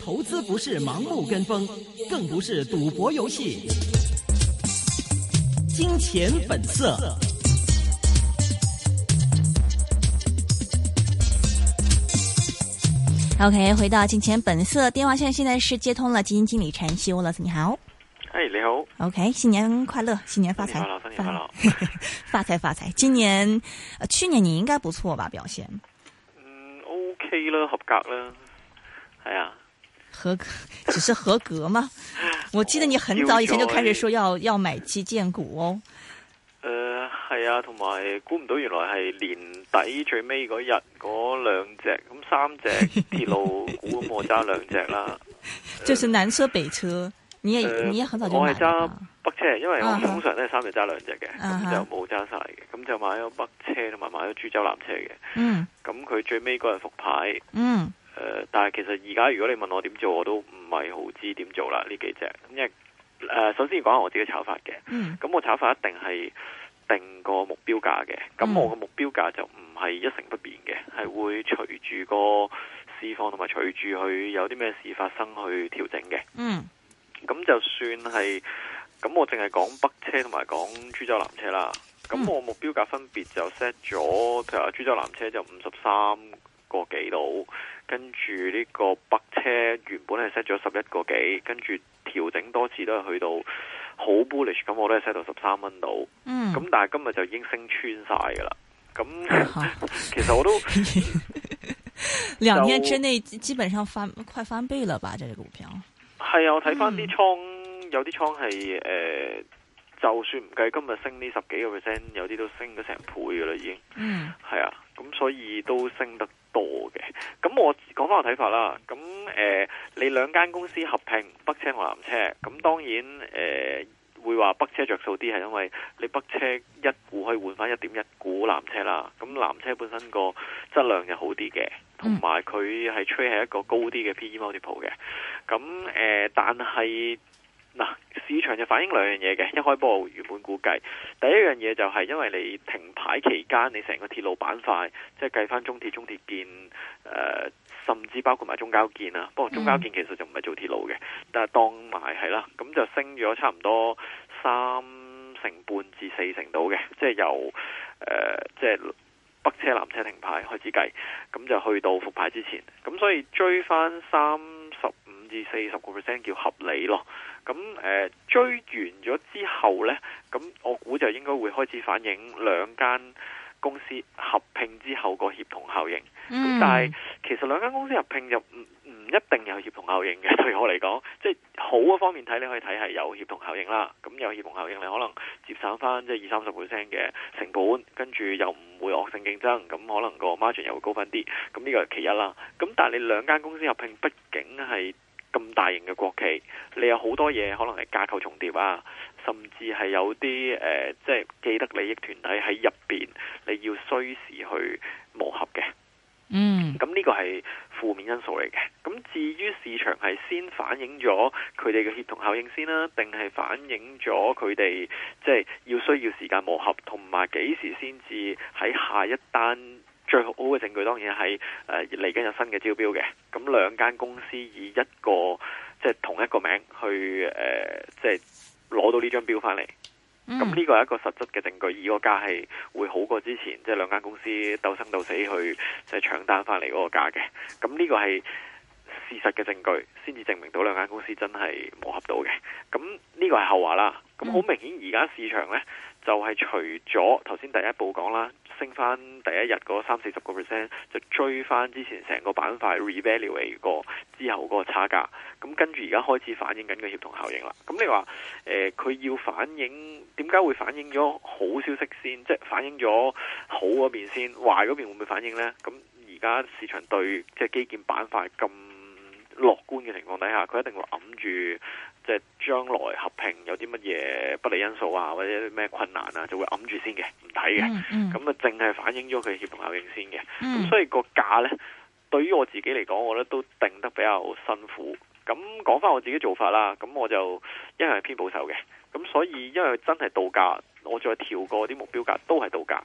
投資不是盲目跟風，更不是賭博遊戲。金錢本色。OK，回到金錢本色，電話線現在是接通了。基金經理陳昕。你好。哎，你好。OK，新年快樂，新年發財。發財發財，今年去年你應該不錯吧，表現。飛啦，合格啦，係啊，合格，只是合格嗎？ 我記得你很早以前就開始說要 要買基建股，哦、呃。誒，係啊，同埋估唔到原來係年底最尾嗰日嗰兩隻，咁三隻鐵路股 我揸兩隻啦、 嗯，就是南車北車，你也、呃、你也很早就買。即係，因為我通常都係三隻揸兩隻嘅，咁、uh -huh. 就冇揸晒嘅，咁就買咗北車同埋買咗株洲南車嘅。嗯，咁佢最尾嗰日復牌。嗯，誒，但係其實而家如果你問我點做，我都唔係好知點做啦。呢幾隻，因為誒、呃，首先講下我自己炒法嘅。嗯，咁我炒法一定係定個目標價嘅。咁我個目標價就唔係一成不變嘅，係、mm. 會隨住個市況同埋隨住佢有啲咩事發生去調整嘅。嗯，咁就算係。咁我淨係講北車同埋講株洲南車啦。咁我目標價分別就 set 咗，譬如話株洲南車就五十三個幾度，跟住呢個北車原本係 set 咗十一個幾，跟住調整多次都係去到好 bullish，咁我都係 set 到十三蚊度。嗯。咁但係今日就已經升穿晒噶啦。咁、uh-huh. 其實我都，兩 就 天之內基本上翻快翻倍了吧？這個股票。係啊，我睇翻啲倉。嗯有啲倉係誒、呃，就算唔計今日升呢十幾個 percent，有啲都升咗成倍噶啦，已經。嗯，係啊，咁所以都升得多嘅。咁我講翻個睇法啦。咁誒、呃，你兩間公司合併，北車和南車，咁當然誒、呃、會話北車着數啲，係因為你北車一股可以換翻一點一股南車啦。咁南車本身個質量又好啲嘅，同埋佢係吹係一個高啲嘅 PE multiple 嘅。咁誒、呃，但係。嗱、啊，市場就反映兩樣嘢嘅。一開波原本估計，第一樣嘢就係因為你停牌期間，你成個鐵路板塊，即係計翻中鐵、中鐵建，呃、甚至包括埋中交建啊。不過中交建其實就唔係做鐵路嘅，但係當埋係啦。咁就升咗差唔多三成半至四成度嘅，即係由、呃、即係北車、南車停牌開始計，咁就去到復牌之前。咁所以追翻三十五至四十個 percent 叫合理咯。咁誒追完咗之後呢，咁我估就應該會開始反映兩間公司合併之後個協同效應。咁、嗯、但係其實兩間公司合併就唔唔一定有協同效應嘅。對我嚟講，即、係、好嘅方面睇，你可以睇係有協同效應啦。咁有協同效應你可能節省翻即係二三十 percent 嘅成本，跟住又唔會惡性競爭，咁可能個 margin 又會高翻啲。咁呢個係其一啦。咁但係你兩間公司合併，畢竟係，咁大型嘅國企，你有好多嘢可能係架構重疊啊，甚至係有啲誒即係既得利益團體喺入邊，你要需時去磨合嘅。嗯，咁呢個係負面因素嚟嘅。咁至於市場，係先反映咗佢哋嘅協同效應先啦，啊，定係反映咗佢哋即係要需要時間磨合，同埋幾時先至喺下一單？最好嘅證據當然係誒嚟緊有新嘅招標嘅，咁兩間公司以一個即係同一個名去誒，即係攞到呢張標翻嚟，咁呢個係一個實質嘅證據，以嗰價係會好過之前，即係兩間公司鬥生鬥死去即係搶單翻嚟嗰個價嘅，咁呢個係事實嘅證據，先至證明到兩間公司真係磨合到嘅，咁呢個係後話啦，咁好明顯而家市場呢。就係、是、除咗頭先第一步講啦，升翻第一日嗰三四十個 percent，就追翻之前成個板塊 revalue 過之後嗰個差價。咁跟住而家開始反映緊個協同效應啦。咁你話佢、呃、要反映點解會反映咗好消息先？即、就、係、是、反映咗好嗰邊先，壞嗰邊會唔會反映呢？咁而家市場對即係、就是、基建板塊咁樂觀嘅情況底下，佢一定會揞住。即係將來合併有啲乜嘢不利因素啊，或者啲咩困難啊，就會揞住先嘅，唔睇嘅。咁啊，淨係反映咗佢協同效應先嘅。咁、mm -hmm. 所以個價呢，對於我自己嚟講，我覺得都定得比較辛苦。咁講翻我自己做法啦，咁我就因為偏保守嘅，咁所以因為真係到價，我再調過啲目標價都係到價。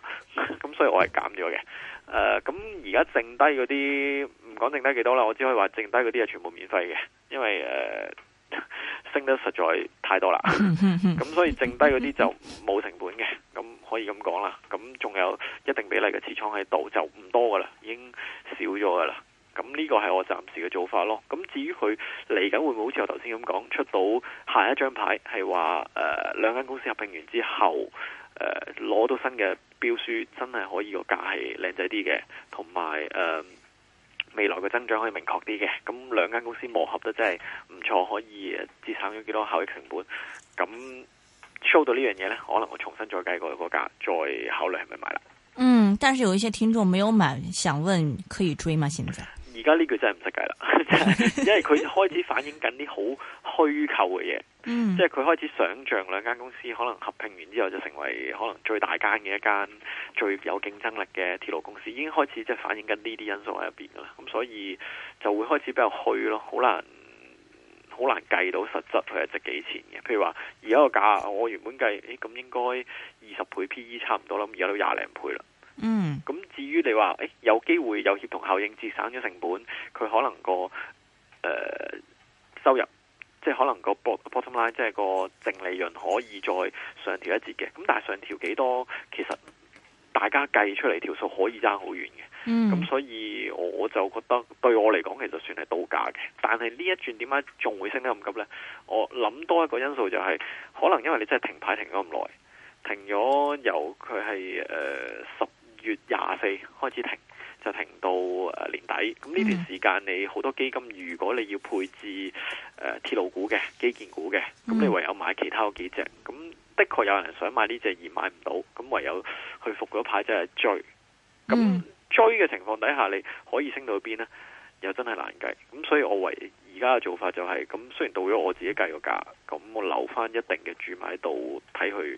咁 所以我係減咗嘅。誒、呃，咁而家剩低嗰啲唔講，剩低幾多啦？我只可以話剩低嗰啲係全部免費嘅，因為誒。呃升得實在太多啦，咁所以剩低嗰啲就冇成本嘅，咁可以咁講啦。咁仲有一定比例嘅持倉喺度，就唔多噶啦，已經少咗噶啦。咁呢個係我暫時嘅做法咯。咁至於佢嚟緊會唔會好似我頭先咁講，出到下一張牌係話誒兩間公司合併完之後誒攞、呃、到新嘅標書，真係可以個價係靚仔啲嘅，同埋誒。未來嘅增長可以明確啲嘅，咁兩間公司磨合得真係唔錯，可以節省咗幾多效益成本。咁收到呢樣嘢呢，可能我重新再計過個價，再考慮係咪買啦。嗯，但是有一些聽眾沒有買，想問可以追嗎？現在而家呢句真係唔使計啦， 因為佢開始反映緊啲好虛構嘅嘢。嗯，即係佢開始想象兩間公司可能合併完之後就成為可能最大間嘅一間最有競爭力嘅鐵路公司，已經開始即係反映緊呢啲因素喺入邊噶啦。咁所以就會開始比較虛咯，好難好難計到實質佢係值幾錢嘅。譬如話而家個價，我原本計，誒、欸、咁應該二十倍 PE 差唔多啦，咁而家都廿零倍啦。嗯，咁至於你話誒、欸、有機會有協同效應節省咗成本，佢可能個誒、呃、收入。即、就、係、是，可能個 bottom line 即係個淨利潤可以再上調一截嘅，咁但係上調幾多，其實大家計出嚟條數可以爭好遠嘅。咁、嗯、所以我就覺得對我嚟講其實算係倒價嘅。但係呢一轉點解仲會升得咁急呢？我諗多一個因素就係、是，可能因為你真係停牌停咗咁耐，停咗由佢係誒十月廿四開始停。就停到年底，咁呢段時間你好多基金，如果你要配置誒、呃、鐵路股嘅基建股嘅，咁你唯有買其他幾隻，咁的確有人想買呢隻而買唔到，咁唯有去復咗牌即係追，咁追嘅情況底下你可以升到邊呢？又真係難計。咁所以我唯而家嘅做法就係、是，咁雖然到咗我自己計個價，咁我留返一定嘅注碼喺度睇佢。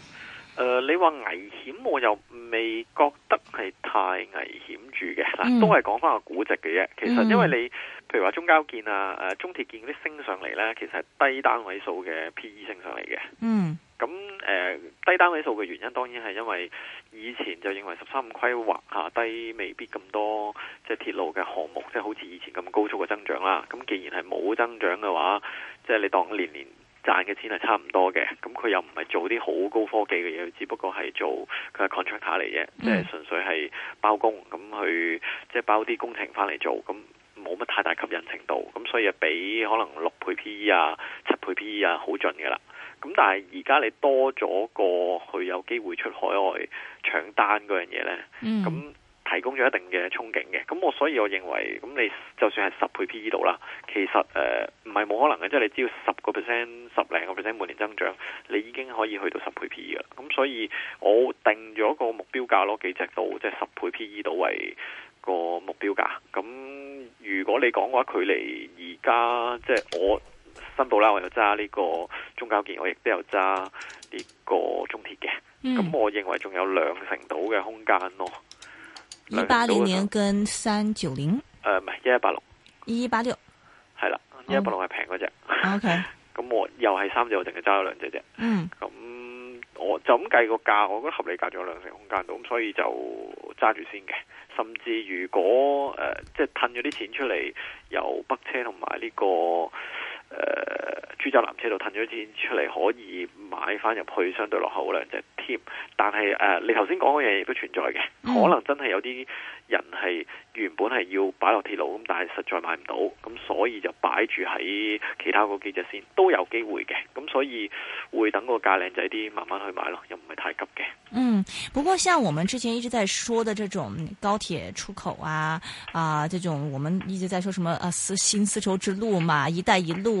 誒、呃，你話危險，我又未覺得係太危險住嘅，mm. 都係講翻個估值嘅啫。其實因為你譬如話中交建啊、誒、呃、中鐵建啲升上嚟呢，其實係低單位數嘅 P E 升上嚟嘅。嗯、mm.，咁、呃、誒低單位數嘅原因，當然係因為以前就認為十三五規劃下低未必咁多，即、就、係、是、鐵路嘅項目，即、就、係、是、好似以前咁高速嘅增長啦。咁既然係冇增長嘅話，即、就、係、是、你當年年。賺嘅錢係差唔多嘅，咁佢又唔係做啲好高科技嘅嘢，佢只不過係做佢係 contractor 嚟嘅，即係、就是、純粹係包工咁去即係包啲工程翻嚟做，咁冇乜太大吸引程度，咁所以啊，比可能六倍 PE 啊、七倍 PE 啊好盡㗎啦。咁但係而家你多咗個佢有機會出海外搶單嗰樣嘢咧，咁。嗯提供咗一定嘅憧憬嘅，咁我所以我認為，咁你就算係十倍 P E 度啦，其實誒唔係冇可能嘅，即係你只要十個 percent 十零個 percent 每年增長，你已經可以去到十倍 P E 啦。咁所以我定咗個目標價咯，幾隻度，即係十倍 P E 度為個目標價。咁如果你講嘅話，距離而家即係我申報啦，我又揸呢個中交建，我亦都有揸呢個中鐵嘅。咁我認為仲有兩成度嘅空間咯。一八零年跟三九零，誒唔係一一八六，一一八六係啦，一一八六係平嗰隻。O K，咁我又係三隻，我淨係揸咗兩隻啫。嗯，咁我就咁計個價，我覺得合理價仲有兩成空間度，咁所以就揸住先嘅。甚至如果誒，即係褪咗啲錢出嚟，由北車同埋呢個。呃，株洲南車度騰咗錢出嚟，可以買翻入去，相對落後兩隻，添。但係誒，你頭先講嘅嘢亦都存在嘅，嗯，可能真係有啲人係原本係要擺落鐵路，咁但係實在買唔到，咁所以就擺住喺其他嗰幾隻先都有機會嘅。咁所以會等個價靚仔啲，慢慢去買咯，又唔係太急嘅。嗯，不過像我們之前一直在說的這種高鐵出口啊，啊，這種我們一直在說什麼啊，絲新絲綢之路嘛，一帶一路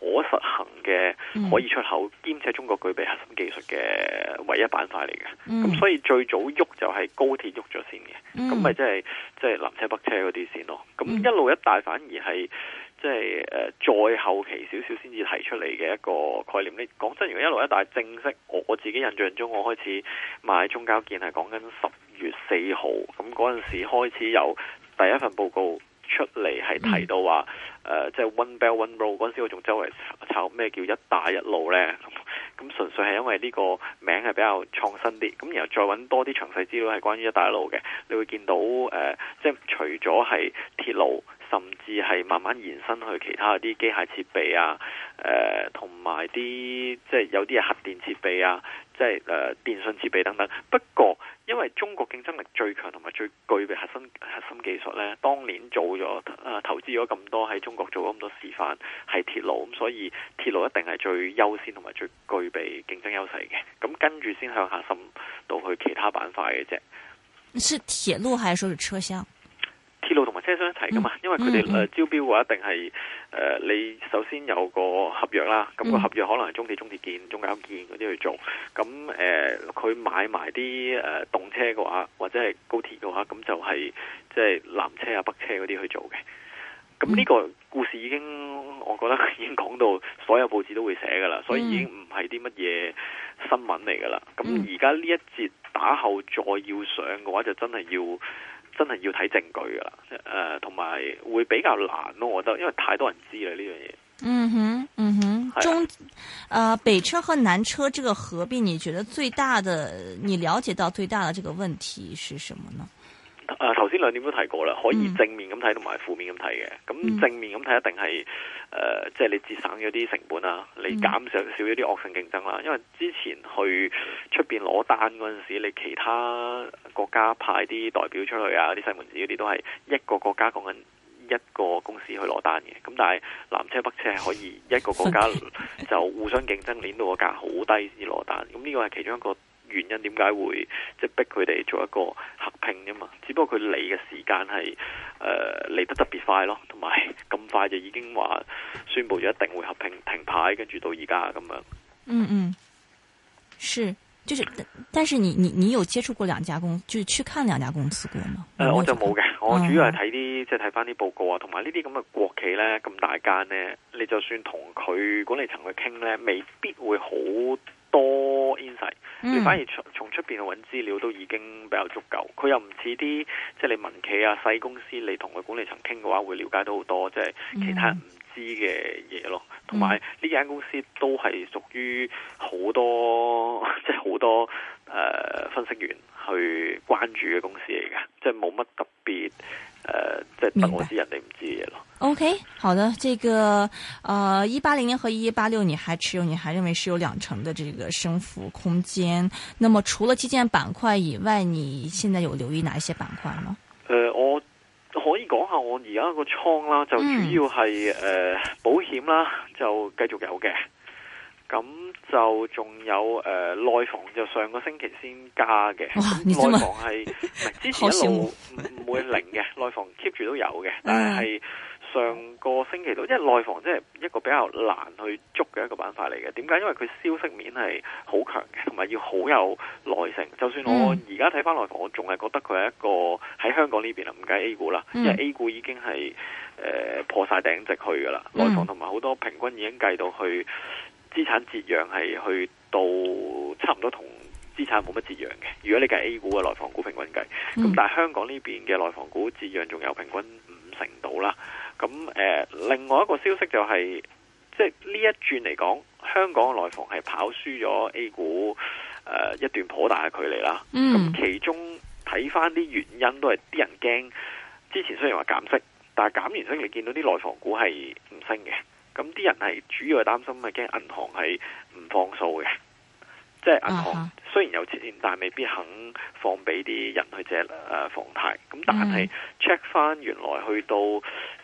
可實行嘅可以出口、嗯，兼且中國具備核心技術嘅唯一板塊嚟嘅。咁、嗯、所以最早喐就係高鐵喐咗先嘅，咁咪即係即係南車北車嗰啲先咯。咁一路一帶反而係即係誒再後期少少先至提出嚟嘅一個概念。你講真，如果一路一帶正式，我我自己印象中，我開始買中交建係講緊十月四號，咁嗰陣時開始有第一份報告。出嚟係提到話，誒，即係 One Belt One Road 嗰陣時，我仲周圍炒咩叫一帶一路呢？咁純粹係因為呢個名係比較創新啲，咁然後再揾多啲詳細資料係關於一帶一路嘅，你會見到誒，即係除咗係鐵路，甚至係慢慢延伸去其他啲機械設備啊，誒，同埋啲即係有啲係核電設備啊。即係誒、呃，電信設備等等。不過，因為中國競爭力最強同埋最具備核心核心技術咧，當年做咗誒、呃、投資咗咁多喺中國做咗咁多示範係鐵路，咁所以鐵路一定係最優先同埋最具備競爭優勢嘅。咁跟住先向下滲到去其他板塊嘅啫。是鐵路，還是說是車廂？鐵路同埋車廂一齊噶嘛？因為佢哋誒招標嘅話，一定係誒、呃、你首先有個合約啦。咁個合約可能係中鐵、中鐵建、中交建嗰啲去做。咁誒佢買埋啲誒動車嘅話，或者係高鐵嘅話，咁就係即係南車啊、北車嗰啲去做嘅。咁呢個故事已經，我覺得已經講到所有報紙都會寫噶啦，所以已經唔係啲乜嘢新聞嚟噶啦。咁而家呢一節打後再要上嘅話，就真係要。真係要睇證據噶啦，誒、呃，同埋會比較難咯，我覺得，因為太多人知啦呢樣嘢。嗯哼，嗯哼，啊、中誒、呃、北車和南車這個合併，你覺得最大的，你了解到最大的這個問題是什麼呢？啊，頭先兩點都提過啦，可以正面咁睇同埋負面咁睇嘅。咁正面咁睇一定係誒，即係你節省咗啲成本啦，你減少少咗啲惡性競爭啦。因為之前去出邊攞單嗰陣時，你其他國家派啲代表出去啊，啲西門子嗰啲都係一個國家講緊一個公司去攞單嘅。咁但係南車北車係可以一個國家就互相競爭，連到個價好低先攞單。咁呢個係其中一個。原因點解會即係逼佢哋做一個合併啫嘛？只不過佢嚟嘅時間係誒嚟得特別快咯，同埋咁快就已經話宣布就一定會合併停牌，跟住到而家咁樣。嗯嗯，是，就係，但但係你你你有接觸過兩家公，就是，去看兩家公司過嗎？呃，我就冇嘅，嗯，我主要係睇啲即係睇返啲報告啊，同埋呢啲咁嘅國企呢。咁大間呢，你就算同佢管理層去傾呢，未必會好。多 insight，你反而從從出邊去揾資料都已經比較足夠。佢又唔似啲即係你民企啊、細公司，你同佢管理層傾嘅話，會了解到好多即係其他人唔知嘅嘢咯。同埋呢間公司都係屬於好多即係好多誒、呃、分析員去關注嘅公司嚟嘅，即係冇乜特別誒、呃，即係等我知 O、okay, K，好的，這個，呃，一八零零和一一八六，你還持有，你還認為是有兩成的這個升幅空間？那麼除了基建板塊以外，你現在有留意哪一些板塊嗎？誒、呃，我可以講下我而家個倉啦，就主要係誒、嗯呃、保險啦，就繼續有嘅。咁就仲有誒內、呃、房就上個星期先加嘅，內房係係之前一路唔會零嘅，內房 keep 住都有嘅，但係、嗯。上個星期度，因為內房即係一個比較難去捉嘅一個板塊嚟嘅。點解？因為佢消息面係好強嘅，同埋要好有耐性。就算我而家睇翻內房，我仲係覺得佢係一個喺香港呢邊啊，唔計 A 股啦，因為 A 股已經係誒、呃、破晒頂值去㗎啦。內房同埋好多平均已經計到去資產折讓係去到差唔多同資產冇乜折讓嘅。如果你計 A 股嘅內房股平均計，咁但係香港呢邊嘅內房股折讓仲有平均五成到啦。咁誒、呃，另外一個消息就係、是，即係呢一轉嚟講，香港內房係跑輸咗 A 股誒、呃、一段頗大嘅距離啦。咁、嗯、其中睇翻啲原因都，都係啲人驚。之前雖然話減息，但係減完息，後，你見到啲內房股係唔升嘅。咁啲人係主要係擔心銀，係驚銀行係唔放數嘅。即係銀行雖然有設限，uh -huh. 但未必肯放俾啲人去借房貸。咁但係 check 翻原來去到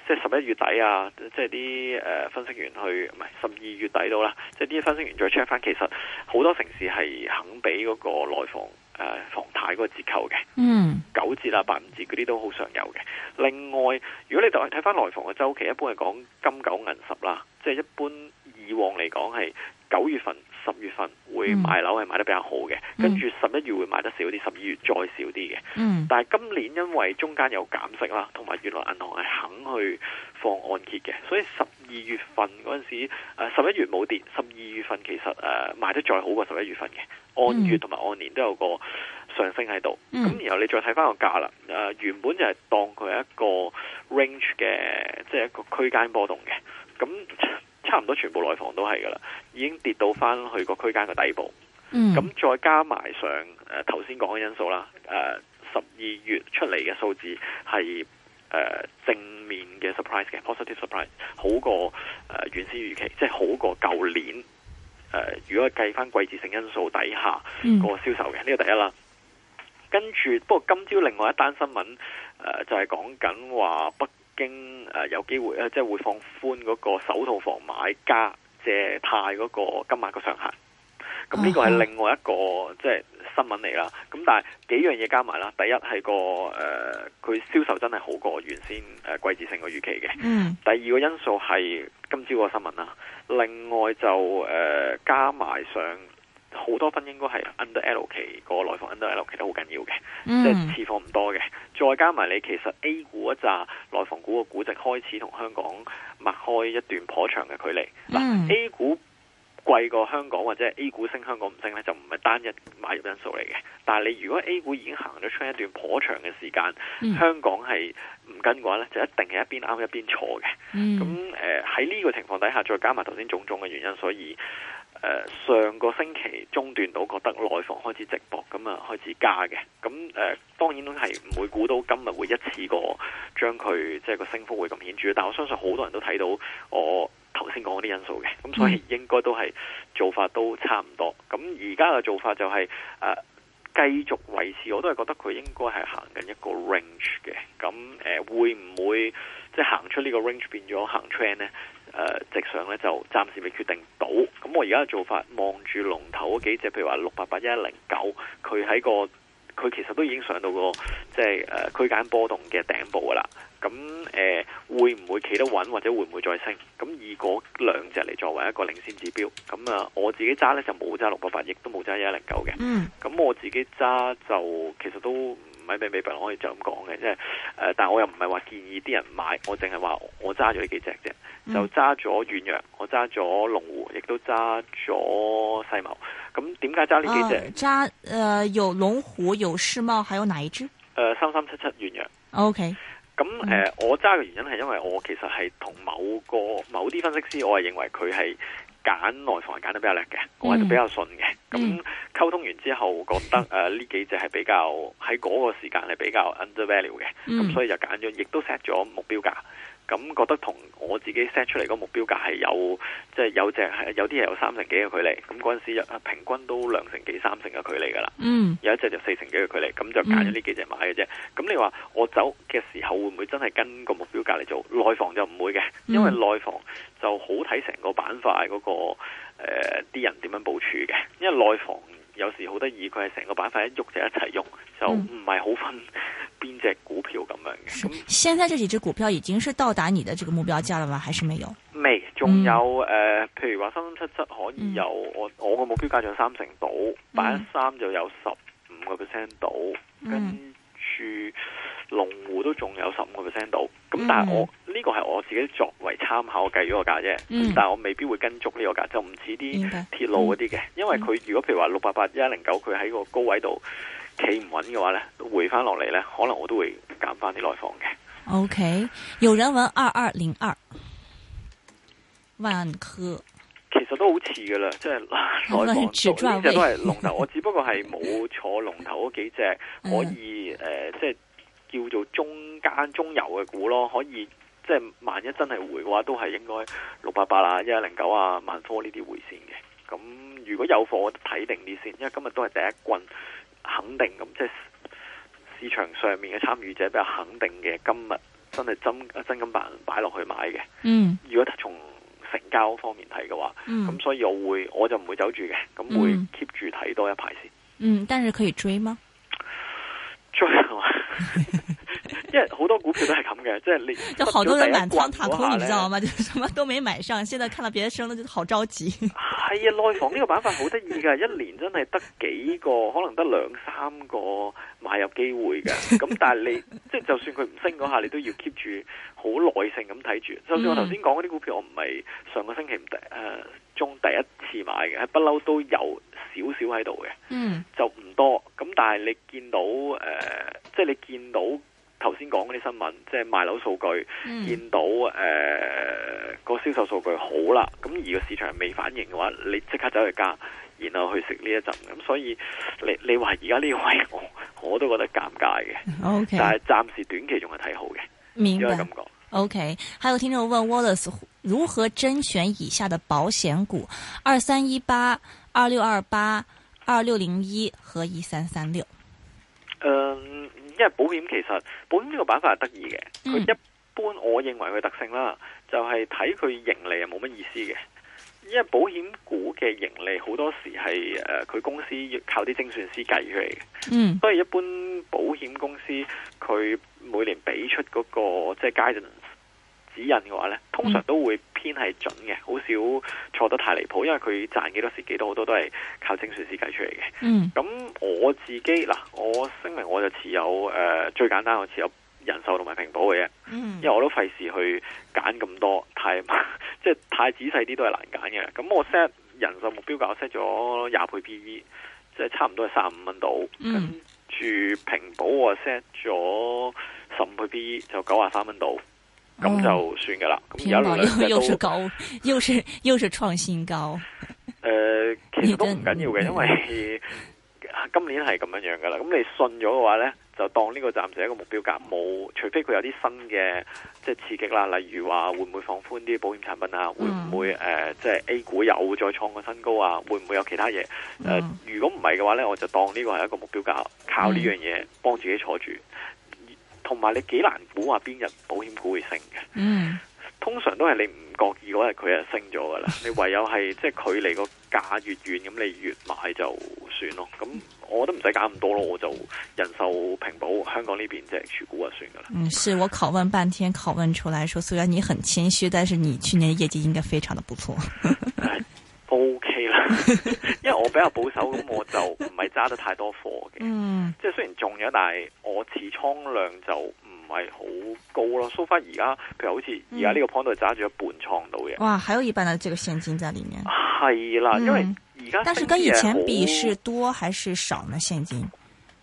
即係十一月底啊，uh -huh. 即係啲誒分析員去唔係十二月底到啦。即係啲分析員再 check 翻，其實好多城市係肯俾嗰個內房房貸嗰個折扣嘅，嗯、uh -huh.，九折啊、八五折嗰啲都好常有嘅。另外，如果你就係睇翻內房嘅週期，一般係講金九銀十啦，即、就係、一般以往嚟講係九月份。十月份會買樓係買得比較好嘅，跟住十一月會買得少啲，十二月再少啲嘅、嗯。但係今年因為中間有減息啦，同埋原來銀行係肯去放按揭嘅，所以十二月份嗰陣時，呃、十一月冇跌，十二月份其實誒、呃、賣得再好過十一月份嘅、嗯，按月同埋按年都有個上升喺度。咁、嗯、然後你再睇翻個價啦、呃，原本就係當佢係一個 range 嘅，即、就、係、係、一個區間波動嘅，咁。差唔多全部內房都係噶啦，已經跌到翻去個區間嘅底部。咁、嗯、再加埋上誒頭先講嘅因素啦，誒十二月出嚟嘅數字係、呃、正面嘅 surprise 嘅 positive surprise，好過誒、呃、原先預期，即係好過舊年、呃。如果計翻季節性因素底下、嗯個銷售嘅呢個第一啦。跟住不過今朝另外一單新聞、呃、就係講緊話北。已經誒、呃、有機會誒，即係會放寬嗰個首套房買家借貸嗰個金額個上限。咁呢個係另外一個即係新聞嚟啦。咁但係幾樣嘢加埋啦，第一係個誒，佢、呃、銷售真係好過原先誒、呃、季節性嘅預期嘅。嗯。第二個因素係今朝個新聞啦。另外就誒、呃、加埋上。好多分，應該係 under L 期，個內房 under L 期，都好緊要嘅、嗯，即係次貨唔多嘅，再加埋你其實 A 股一紮內房股嘅估值開始同香港擘開一段頗長嘅距離。嗱、嗯啊、，A 股貴過香港或者 A 股升香港唔升咧，就唔係單一買入因素嚟嘅。但係你如果 A 股已經行咗出一段頗長嘅時間、嗯，香港係唔跟嘅話咧，就一定係一邊啱一邊錯嘅。咁誒喺呢個情況底下，再加埋頭先種種嘅原因，所以。誒、呃，上個星期中段到覺得內房開始直播，咁、嗯、啊，開始加嘅，咁、嗯、誒、呃，當然都係唔會估到今日會一次過將佢即係個升幅會咁顯著，但我相信好多人都睇到我頭先講嗰啲因素嘅，咁、嗯、所以應該都係做法都差唔多。咁而家嘅做法就係、是、誒、呃、繼續維持，我都係覺得佢應該係行緊一個 range 嘅，咁、嗯、誒、呃、會唔會即係行出呢個 range 變咗行 trend 呢？誒、呃，直上咧就暫時未決定到，咁我而家嘅做法望住龍頭嗰幾隻，譬如話六八八一零九，佢喺個佢其實都已經上到個即係誒區間波動嘅頂部噶啦，咁誒、呃、會唔會企得穩或者會唔會再升？咁以嗰兩隻嚟作為一個領先指標，咁啊我自己揸咧就冇揸六八八，亦都冇揸一零九嘅，嗯，咁我自己揸就其實都。買美我就咁講嘅，即係誒，但我又唔係話建議啲人買，我淨係話我揸咗呢幾隻啫，就揸咗遠洋，我揸咗龍湖，亦都揸咗世茂。咁點解揸呢幾隻？揸、啊、誒，有龍湖，有世茂，還有哪一隻？誒、啊，三三七七遠洋。O、OK、K。咁誒、呃，我揸嘅原因係因為我其實係同某個某啲分析師，我係認為佢係。揀內房係揀得比較叻嘅，我係比較順嘅。咁、嗯、溝通完之後，覺得誒呢、嗯呃、幾隻係比較喺嗰個時間係比較 under value 嘅，咁、嗯、所以就揀咗，亦都 set 咗目標價。咁覺得同我自己 set 出嚟個目標價係有，即、就、係、是、有隻係有啲係有三成幾嘅距離，咁嗰陣時平均都兩成幾三成嘅距離噶啦。嗯、mm.，有一隻就四成幾嘅距離，咁就揀咗呢幾隻買嘅啫。咁你話我走嘅時候會唔會真係跟個目標價嚟做？內房就唔會嘅，因為內房就好睇成個板塊嗰、那個啲、呃、人點樣部署嘅，因為內房。有時好得意，佢係成個板塊一喐就一齊喐，就唔係好分邊隻股票咁樣嘅。咁、嗯、現在這幾隻股票已經是到達你的這個目標價了嗎？還是沒有？未，仲有誒、嗯呃，譬如話三三七七可以有、嗯、我我個目標價就三成到，八一三就有十五個 percent 到，跟住。嗯龍湖都仲有十五、嗯嗯個 percent 到，咁但係我呢個係我自己作為參考我計咗個價啫、嗯，但係我未必會跟足呢個價，就唔似啲鐵路嗰啲嘅，因為佢、嗯、如果譬如話六八八一零九，佢喺個高位度企唔穩嘅話呢，都回翻落嚟呢，可能我都會減翻啲內房嘅。OK，有人問二二零二，萬科其實都好似噶啦，即係內房其只都係龍頭， 我只不過係冇坐龍頭嗰幾隻可以誒、嗯呃，即係。叫做中間中游嘅股咯，可以即係、就是、萬一真係回嘅話，都係應該六八八啊，一一零九啊，萬科呢啲回線嘅。咁如果有貨，我睇定啲先，因為今日都係第一棍，肯定咁即係市場上面嘅參與者比較肯定嘅。今日真係真真金白銀擺落去買嘅。嗯，如果從成交方面睇嘅話，咁、嗯、所以我會我就唔會走住嘅，咁會 keep 住睇多一排先。嗯，但係可以追嗎？ 因為好多股票都係咁嘅， 即係你。就好多人滿倉踏空，你知道嗎？就什麼都沒買上，現在看到別人升，就好着急。係 啊，內房呢個板塊好得意噶，一年真係得幾個，可能得兩三個買入機會嘅。咁但係你，即係就算佢唔升嗰下，你都要 keep 住好耐性咁睇住。就算我頭先講嗰啲股票，我唔係上個星期唔得誒。呃中第一次買嘅，係不嬲都有少少喺度嘅，就唔多。咁但係你見到誒，即、呃、係、就是、你見到頭先講嗰啲新聞，即、就、係、是、賣樓數據，嗯、見到誒個、呃、銷售數據好啦。咁而個市場未反應嘅話，你即刻走去加，然後去食呢一陣。咁所以你你話而家呢個位，我我都覺得尷尬嘅。嗯、o、okay、K，但係暫時短期仲係睇好嘅，有啲咁講。O.K.，還有聽眾問 Wallace 如何甄選以下的保險股：二三一八、二六二八、二六零一和一三三六。嗯，因為保險其實保險呢個板塊係得意嘅，佢一般我認為佢特性啦，就係睇佢盈利係冇乜意思嘅。因為保險股嘅盈利好多時係誒佢公司要靠啲精算師計出嚟嘅，嗯，所以一般保險公司佢每年俾出嗰個即係指引嘅話呢，通常都會偏係準嘅，好、mm. 少錯得太離譜，因為佢賺幾多蝕幾多，好多都係靠精算師計出嚟嘅。嗯，咁我自己嗱，我聲明我就持有誒、呃、最簡單我持有人壽同埋平保嘅啫。Mm. 因為我都費事去揀咁多太， 即係太仔細啲都係難揀嘅。咁我 set 人壽目標價我 set 咗廿倍 PE，即係差唔多係三十五蚊度。咁跟住平保我 set 咗十五倍 PE，就九十三蚊度。咁就算噶啦，咁有兩日高，又是又是創新高。誒、呃，其實都唔緊要嘅，因為，因為、啊、今年係咁樣樣噶啦。咁你信咗嘅話咧，就當呢個暫時一個目標價，冇除非佢有啲新嘅即係刺激啦，例如話會唔會放寬啲保險產品啊、嗯，會唔會誒、即、呃、係、就是、A 股又再創個新高啊？會唔會有其他嘢？誒、嗯呃，如果唔係嘅話咧，我就當呢個係一個目標價，靠呢樣嘢幫自己坐住。同埋你幾難估話邊日保險股會升嘅？嗯，通常都係你唔覺意嗰日佢係升咗噶啦。你唯有係 即係距離個價越遠，咁你越買就算咯。咁我覺得唔使搞咁多咯。我就人壽平保香港呢邊即係持股就算噶啦。唔、嗯、是我拷問半天，拷問出來說，雖然你很謙虛，但是你去年業績應該非常的不錯。 因為我比較保守的，咁我就唔係揸得太多貨嘅、嗯，即係雖然重咗，但係我持倉量就唔係好高咯。So far 而家，譬如好似而家呢個 point 度揸住一半倉度嘅。哇，還有一半嘅呢個現金在裏面。係啦、嗯，因為而家。但是跟以前比是多還是少呢？現金？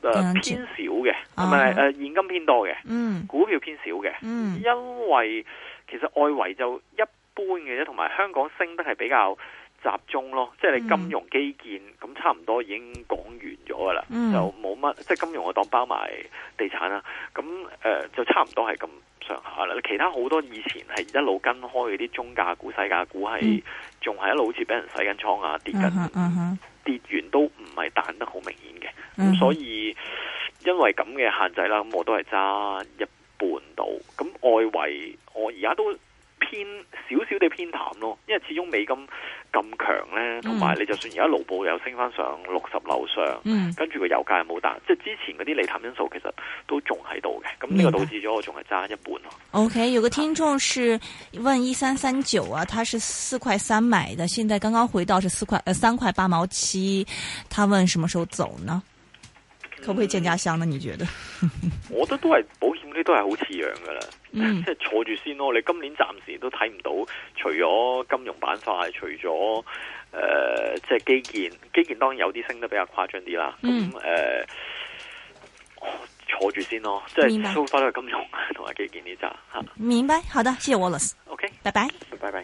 呃、偏少嘅，唔係誒現金偏多嘅、嗯，股票偏少嘅、嗯，因為其實外圍就一般嘅啫，同埋香港升得係比較。集中咯，即係你金融基建咁、嗯、差唔多已經講完咗噶啦，就冇乜即係金融我當包埋地產啦，咁誒、呃、就差唔多係咁上下啦。其他好多以前係一路跟開嗰啲中價股、細價股係，仲、嗯、係一路好似俾人洗緊倉啊，跌緊、啊啊、跌完都唔係彈得好明顯嘅，咁、嗯、所以因為咁嘅限制啦，咁我都係揸一半到，咁外圍我而家都。偏少少地偏淡咯，因為始終美金咁強咧，同埋你就算而家盧布又升翻上六十樓上，嗯、跟住個油價又冇彈，即係之前嗰啲利淡因素其實都仲喺度嘅，咁呢個導致咗我仲係揸一半咯、啊。OK，有個聽眾是問一三三九啊，他是四塊三買的，現在剛剛回到是四塊，呃三塊八毛七，他問什麼時候走呢？可唔可以見家鄉呢、嗯？你覺得？ 我覺得都係保險啲都係好似樣噶啦、嗯，即係坐住先咯。你今年暫時都睇唔到，除咗金融板塊，除咗誒、呃，即係基建，基建當然有啲升得比較誇張啲啦。咁、嗯、誒，嗯呃、坐住先咯，即係、so far、都係金融同埋基建呢咋？吓、啊。明白，好的，謝謝 Wallace。OK，拜拜，拜拜。